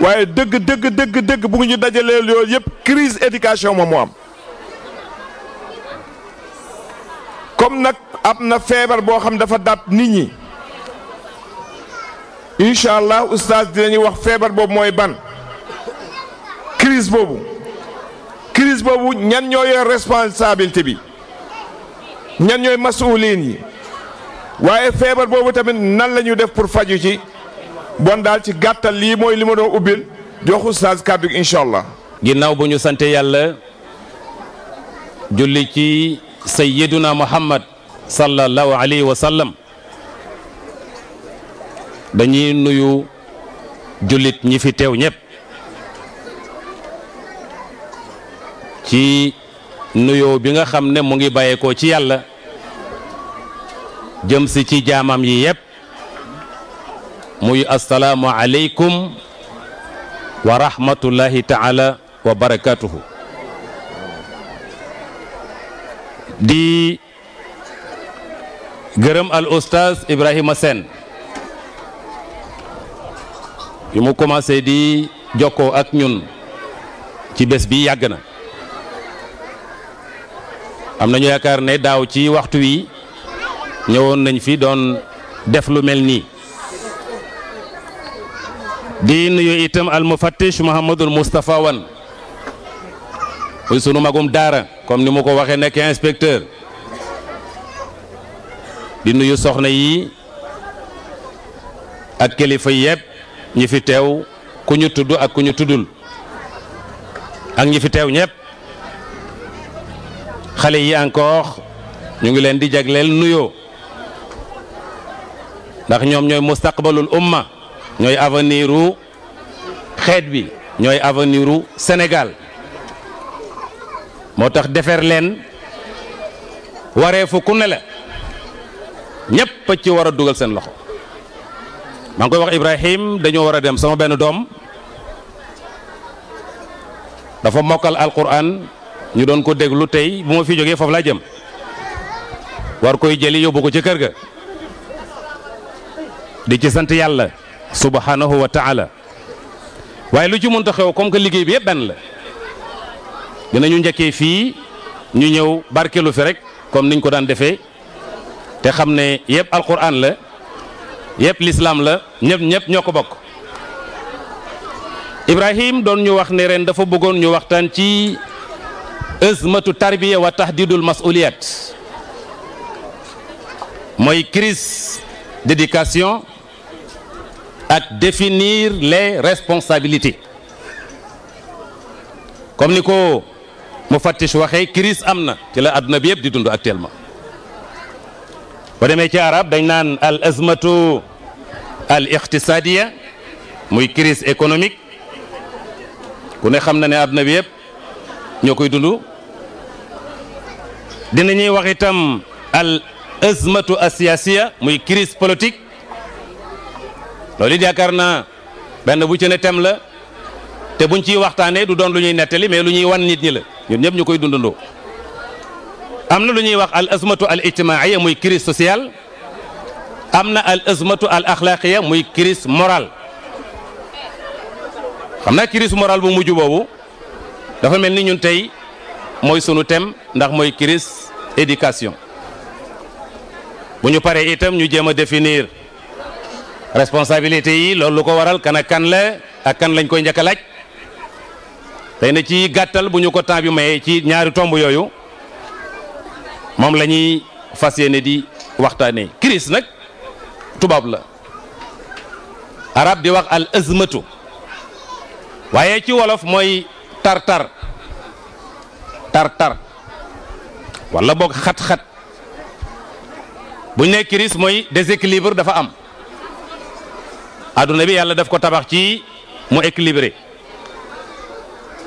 waaye dëgg dëgg dëgg dëgg bu ñu dajalee yooyu yëpp crise éducation moom moo am comme nag am na feebar boo xam dafa dàpp nit ñi incha allah oustaz dinañu wax feebar boobu mooy ban crise boobu crise boobu ñan ñoo yor responsabilité bi ñan ñooy masuuliin yi waaye feebar boobu tamit nan la def pour faju ci bon daal ci gàttal lii mooy li ma doon ubbil joxu oustaz kàddu gi allah. ginnaaw bu ñu sante yàlla julli ci sayyiduna muhammad sallallahu alayhi wa sallam dañuy nuyu jullit ñi fi teew ñëpp ci nuyoo bi nga xam ne mu ngi bàyyeekoo ci yàlla jëm si ci jaamam yi yëpp. muy asalaamu aleykum wa taala wa barakatuhu di gërëm al oustaz Ibrahima Sène yu mu commencé di jokkoo ak ñun ci bés bi yàgg na am nañu yaakaar ne daaw ci waxtu wi ñëwoon nañ fi doon def lu mel nii di nuyoo itam al mufattish Mouhamadul Moustapha Wan muy sunu magum daara comme ni mu ko waxee nekk inspecteur di nuyu soxna yi ak kilifa yëpp ñi fi teew ku ñu tudd ak ku ñu tuddul ak ñi fi teew ñëpp xale yi encore ñu ngi leen di jagleel nuyoo ndax ñoom ñooy mustaqbalul umma. ñooy aveniru xeet bi ñooy avenir u moo tax defar leen wareefu ku ne la ñépp ci war a dugal seen loxo maa ngi koy wax Ibrahim dañoo war a dem sama benn doom dafa mokkal alquran ñu doon ko déglu tey bu ma fi jógee foofu laa jëm war koy jëli yóbbu ko ci kër ga di ci sant yàlla subhanahu wa taala waaye lu ci mënta xew comme que liggéey bi yëpp benn la dinañu njëkkee fii ñu ñëw barkeelu fi rek kon niñ ko daan defee te xam ne yëpp alquran la yëpp lislaam la ñëpp ñëpp ñoo ko bokk Ibrahim doon ñu wax ne ren dafa bëggoon ñu waxtaan ci azmatu tarbiya wa tahdidul masuliyat mooy crise d'éducation ak définir les responsabilités comme ni ko mu fattish waxee crise am na ci la àdduna bi yëpp di dund actuellement ba demee ci arab dañ naan al azmatu al iqtisadiya muy crise économique ku ne xam na ne àdduna bi yëpp ñoo koy dund dinañuy wax itam al azmatu asiasiya muy crise politique loolu it yaakaar naa benn bu ci ne tem la te buñ ciy waxtaanee du doon lu ñuy nettali mais lu ñuy wan nit ñi la ñun ñëpp ñu koy dundandoo. am na lu ñuy wax al azmatu al ijtimaaiya muy crise sociale am na al azmatu al axlaaqiya muy crise morale xam naa crise morale bu mujj boobu dafa mel ni ñun tey mooy sunu thème ndax mooy crise éducation bu ñu paree itam ñu jéem a définir. responsabilité yi loolu lu ko waral kan kan la ak kan lañ koy njëkk a laaj tey na ci gàttal bu ñu ko temps bi mayee ci ñaari tomb yooyu moom la ñuy fas yéene di waxtaanee crise nag tubaab la arab di wax al azmatu waaye ci wolof mooy tartar tartar wala boog xat-xat buñ nekk crise mooy déséquilibre dafa am adduna bi yàlla def ko tabax ci mu équilibré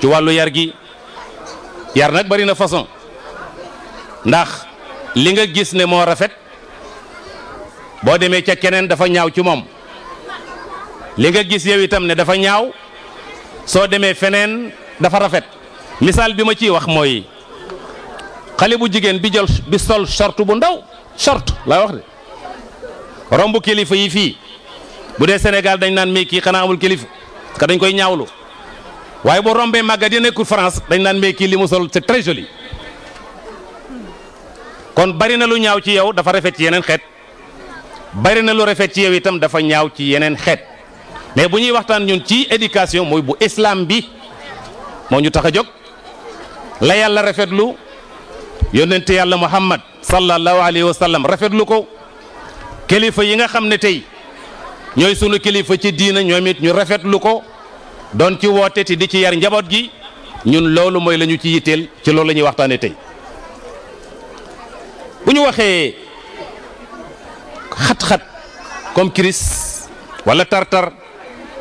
ci wàllu yar gi yar nag bari na façon ndax li nga gis ne moo rafet boo demee ca keneen dafa ñaaw ci moom li nga gis yow itam ne dafa ñaaw soo demee feneen dafa rafet misaal bi ma ciy wax mooy xale bu jigéen bi jël bi sol short bu ndaw short laa wax de romb kilifa yi fii bu dee Sénégal dañ naan mais kii xanaa amul kilifa ka dañ koy ñaawlu waaye boo rombee màggat yi nekkul France dañ naan mais kii li mu sol c'est très joli kon bari na lu ñaaw ci yow dafa rafet ci yeneen xeet bari na lu rafet ci yow itam dafa ñaaw ci yeneen xeet mais bu ñuy waxtaan ñun ci éducation mooy bu islam bi moo ñu tax a jóg la yàlla rafetlu yónnente yàlla Muhammad sallallahu alayhi wa sallam rafetlu ko kilifa yi nga xam ne tey. ñooy sunu kilifa ci diina ñoom it ñu rafetlu ko doon ci woote di ci yar njaboot gi ñun loolu mooy la ñu ci yitteel ci loolu la ñuy waxtaane tey bu ñu waxee xat-xat comme crise wala tartar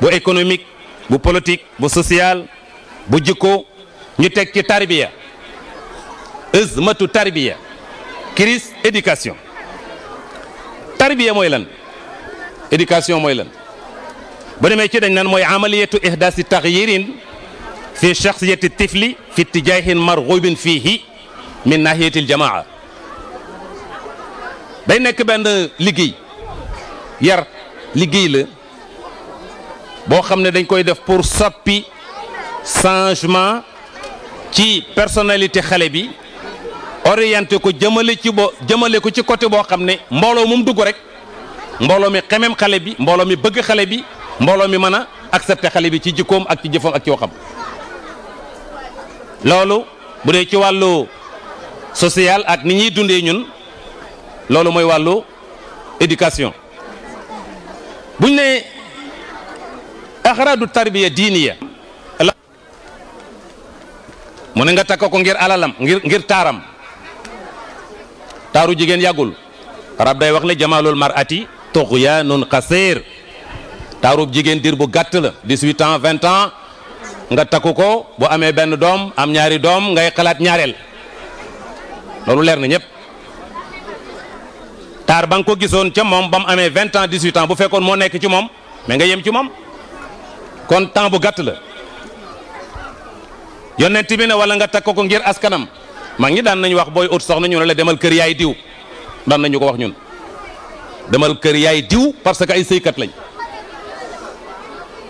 bu économique bu politique bu social bu jikko ñu teg ci tarbiya ismatu tarbiya crise éducation tarbiya mooy lan éducation mooy lan boo demee ci dañ naan mooy amaliyatu ihdaasi taxyirin fi shaxsiyati tifli fi tijaahin marxubin fiihi min nahiyatil jamaa day nekk benn liggéey yar liggéey la boo xam ne dañ koy def pour soppi changement ci personnalité xale bi orienté ko jëmale ci bo jëmale ko ci côté boo xam ne mbooloo moom dugg rek mbooloo mi xemem xale bi mbooloo mi bëgg xale bi mbooloo mi mën a accepté xale bi ci jikkoom ak ci jëfam ak ci waxam loolu bu dee ci wàllu social ak ni ñuy dundee ñun loolu mooy wàllu éducation buñ ne axraadu tarbiya diiniya mu ne nga takk ko ngir alalam ngir ngir taaram taaru jigéen yàggul rab day wax ne jamaalul mar'ati tuxyaanun xasiir taarub jigéen diir bu gàtt la 18 ans 20 ans nga takku ko bu amee benn doom am ñaari doom ngay xalaat ñaareel loolu leer na ñëpp taar ba nga ko gisoon ca moom ba mu amee 20 ans 18 ans bu fekkoon moo nekk ci moom mais nga yem ci moom kon temps bu gàtt la yonent bi ne wala nga takk ko ngir askanam mag ñi daan nañu wax booy ut soxna ñu ne la demal kër yaay diw daan nañu ko wax ñun demal kër yaay diw parce que ay sëykat lañ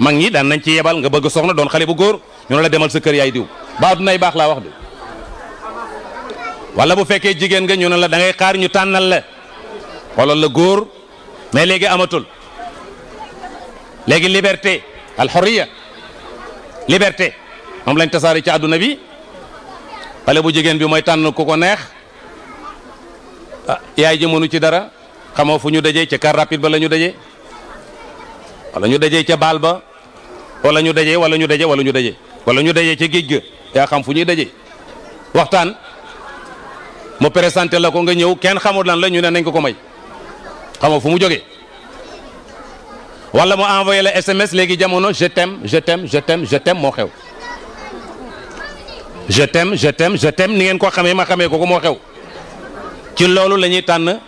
mag ñi daan nañ ci yebal nga bëgg soxna doon xale bu góor ñu ne la demal sa kër yaay diw baa du nay baax laa wax de wala bu fekkee jigéen nga ñu ne la dangay xaar ñu tànnal la xoolal la góor mais léegi amatul léegi liberté alxoriya liberté moom lañ tasaari ci àdduna bi xale bu jigéen bi mooy tànn ku ko neex ah, yaay ji mënu ci dara xamoo fu ñu dajee ca car rapide ba la ñu dajee wala ñu dajee ca baal ba wala ñu dajee wala ñu dajee wala ñu dajee wala ñu dajee ca géej ga yaa xam fu ñuy dajee waxtaan mu présenté la ko nga ñëw kenn xamul lan la ñu ne nañ ko ko may xamoo fu mu jógee wala mu envoyé la SMS léegi jamono je t'aime je t'aime je t'aime je t'aime moo xew je t'aime je t'aime je t'aime ni ngeen ko xamee ma xamee ko ko moo xew ci loolu la ñuy tànn.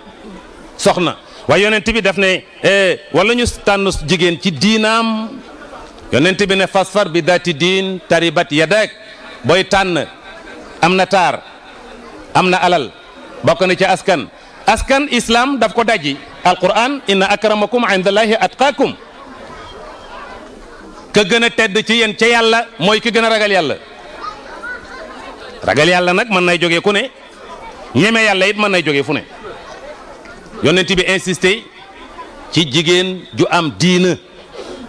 soxna waaye yonent bi daf ne eh, wala ñu tànn jigéen ci diinaam yonent bi ne fasfar bi daati diin taribat yadak booy tànn am na taar am na alal bokk na ci askan askan islaam daf ko dajji alquran inna akramakum indallahi ka gën a tedd ci yéen ca yàlla mooy ki gën a ragal yàlla ragal yàlla nag mën nay jóge ku ne ñeme yàlla it mën nay jógee fu ne yonent bi insisté ci jigéen ju am diina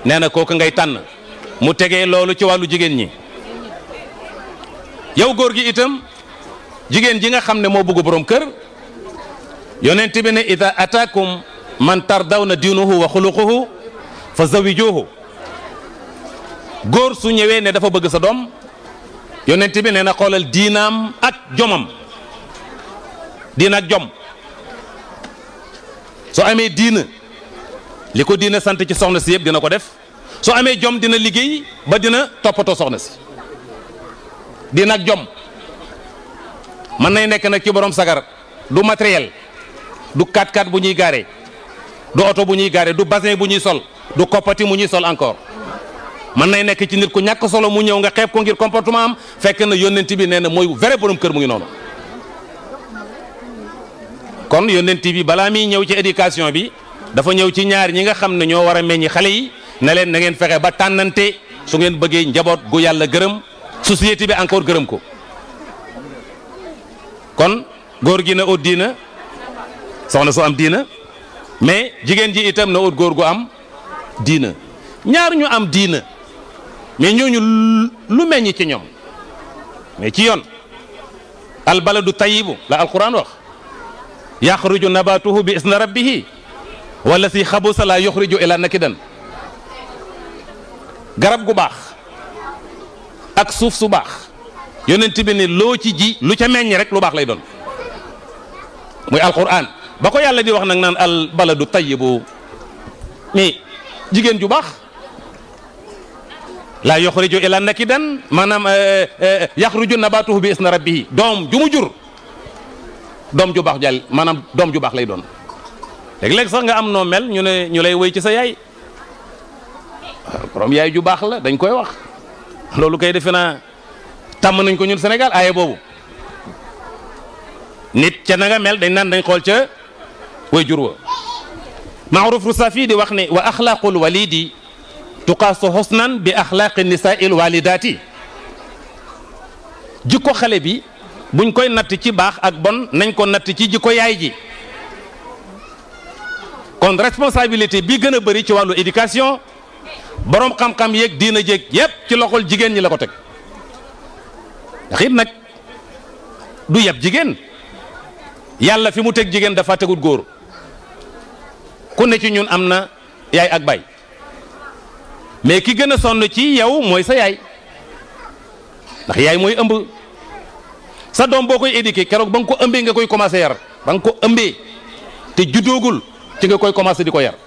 nee na kooku ngay tànn mu tegee loolu ci wàllu jigéen ñi yow góor gi itam jigéen ji nga xam ne moo bugg boroom kër yonent bi ne ida ataakum daw na diinuhu wa xuluquhu fa zawijuhu góor su ñëwee ne dafa bëgg sa doom yonent bi nee na xoolal diinaam ak jomam diina ak jom soo amee diina li ko diina sant ci soxna si yëpp dina ko def soo amee jom dina liggéey ba dina toppatoo soxna si diina ak jom mën nay nekk na ci borom sagar du matériel du 4 x bu ñuy gaaree du oto bu ñuy gaare du bassin bu ñuy sol du koppati mu ñuy sol encore mën nay nekk ci nit ku ñàkk solo mu ñëw nga xeeb ko ngir comportement am fekk na yónnent bi nee na mooy vrai borom kër mu ngi noonu kon yónnent bi balaa muy ñëw ci éducation bi dafa ñëw ci ñaar ñi nga xam ne ñoo war a meññi xale yi ne leen na ngeen fexe ba tànnante su ngeen bëggee njaboot gu yàlla gërëm société bi encore gërëm ko kon góor gi na ut diina soxna su am diina mais jigéen ji itam na ut góor gu am diina ñaar ñu am diina mais ñooñu lu meññ ci ñoom mais ci yoon albaladu tayibu la alquran wax yaxruju nabatuhu bi isna rabbihi wala si xabusa laa yuxriju ila nakidan garab gu baax ak suuf su baax yonent bi ne loo ci ji lu ca meññ rek lu baax lay doon muy alquran ba ko yàlla di wax nag naan al baladu tayyibu mi jigéen ju baax laa yuxriju ila nakidan maanaam eh, eh, yaxruju nabatuhu bi isna rabbihi doom ju mu jur doom ju baax jàll maanaam doom ju baax lay doon léeg-léeg sax nga am noo mel ñu ne ñu lay woy ci sa yaay borom yaay ju baax la dañ koy wax loolu kay defe naa tàmm nañ ko ñun senegal aaye boobu nit ca na nga mel dañ naan dañ xool ca way jur wa maaruf rusafi di wax ne wa axlaaqul walidi tuqaasu xusnan bi axlaaqi nisaa'il walidaati jikko xale bi buñ koy natt ci baax ak bon nañ ko natt ci jikko yaay ji kon responsabilité bi gën a bari ci wàllu éducation boroom xam-xam yeeg diina jéeg yépp ci loxol jigéen ñi la ko teg ndax nag du yeb jigéen yàlla fi mu teg jigéen dafa tegut góor ku ne ci ñun am na yaay ak baay mais ki gën a sonn ci yow mooy sa yaay ndax yaay mooy ëmb sa doom boo koy éduquer keroog ba nga ko ëmbee nga koy commencé yar ba nga ko ëmbee te juddoogul ci nga koy commencé di ko yar